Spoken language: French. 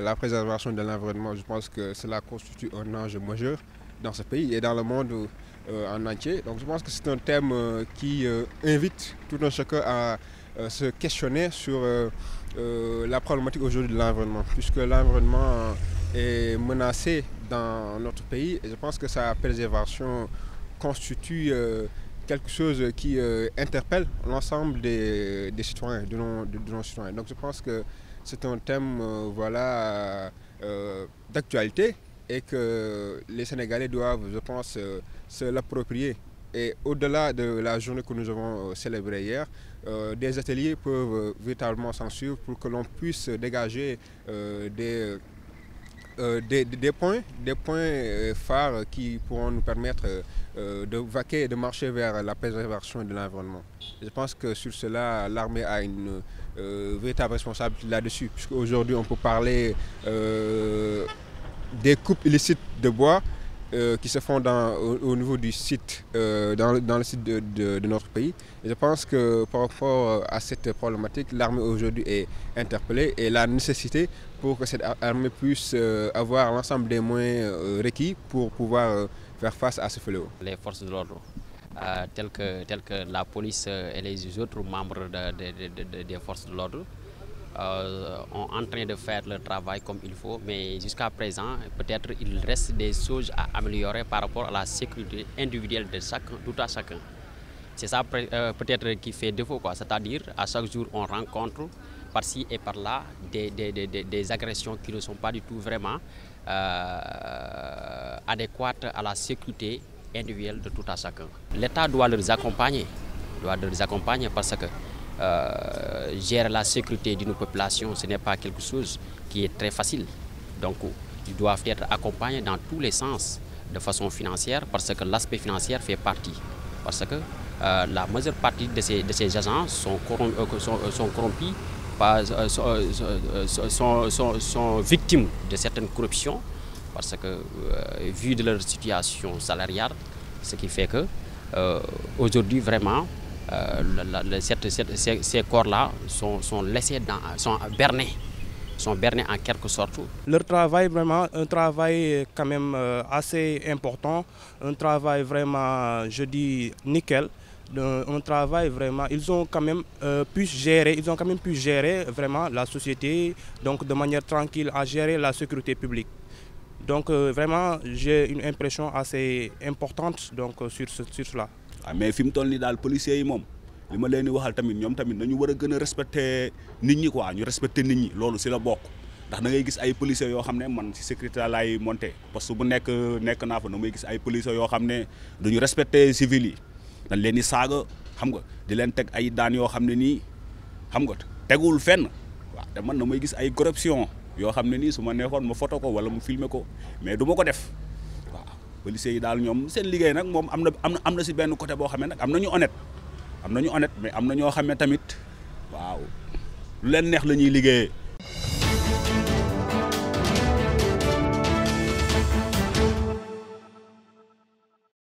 la préservation de l'environnement, je pense que cela constitue un enjeu majeur dans ce pays et dans le monde euh, en entier. Donc je pense que c'est un thème euh, qui euh, invite tout un chacun à se questionner sur la problématique aujourd'hui de l'environnement, puisque l'environnement est menacé dans notre pays et je pense que sa préservation constitue quelque chose qui euh, interpelle l'ensemble des, citoyens, de nos, citoyens. Donc je pense que c'est un thème euh, voilà, euh, d'actualité et que les Sénégalais doivent, je pense, se l'approprier. Et au-delà de la journée que nous avons célébrée hier, des ateliers peuvent véritablement s'en suivre pour que l'on puisse dégager des euh, des, points, des points euh, phares qui pourront nous permettre euh, de vaquer et de marcher vers la préservation de l'environnement. Je pense que sur cela, l'armée a une véritable responsabilité là-dessus, Aujourd'hui, on peut parler des coupes illicites de bois, euh, qui se font au, niveau du site, euh, dans, le site de, notre pays. je pense que par rapport euh, à cette problématique, l'armée aujourd'hui est interpellée et la nécessité pour que cette armée puisse avoir l'ensemble des moyens requis pour pouvoir faire face à ce fléau. Les forces de l'ordre, telles, que, la police et les autres membres des forces de l'ordre, euh, en train de faire le travail comme il faut, mais jusqu'à présent, peut-être il reste des choses à améliorer par rapport à la sécurité individuelle de tout à chacun. C'est ça euh, peut-être qui fait défaut, c'est-à-dire à chaque jour on rencontre par-ci et par-là des, agressions qui ne sont pas du tout vraiment euh, adéquates à la sécurité individuelle de tout à chacun. L'État doit les accompagner, doit les accompagner parce que euh, gérer la sécurité d'une population, ce n'est pas quelque chose qui est très facile. Donc, ils doivent être accompagnés dans tous les sens de façon financière parce que l'aspect financier fait partie. Parce que euh, la majeure partie de ces, agents sont, corrompus, sont, sont, victimes de certaines corruptions parce que, euh, vu de leur situation salariale, ce qui fait que aujourd'hui, vraiment, euh, ces, corps-là sont, laissés dans, sont bernés sont bernés en quelque sorte. Leur travail vraiment un travail quand même euh, assez important, un travail vraiment, je dis, nickel. Euh, un travail vraiment, ils ont quand même pu gérer, ils ont quand même pu gérer vraiment la société, donc de manière tranquille à gérer la sécurité publique. Donc vraiment, j'ai une impression assez importante donc, sur, ce, sur cela. waaw ah, mais fi mu toll nii daal policiers yi moom li ma leen di waxal tamit ñoom tamit nañu war a gën a respecter nit ñi quoi ñu respecter nit ñi loolu si la bokk ndax da ngay gis ay policiers yoo xam ne man si sécurité lay monté parce que bu nekk nekk naa fa na may gis ay policiers yoo xam ne duñu respecter civil yi dañ leen di saaga xam nga di leen teg ay daan yoo xam ne nii xam nga tegul fenn waaw te man na may gis ay corruption yoo xam ne nii su ma neexoon ma photo ko wala mu filmer ko mais du ma ko def policiers yi daal ñoom seen liggéey nag moom am na am na am na si benn côté boo xam nag am na ñu honnête am na ñu honnête mais am na ñoo xam ne tamit waaw lu leen neex la ñuy liggéeyee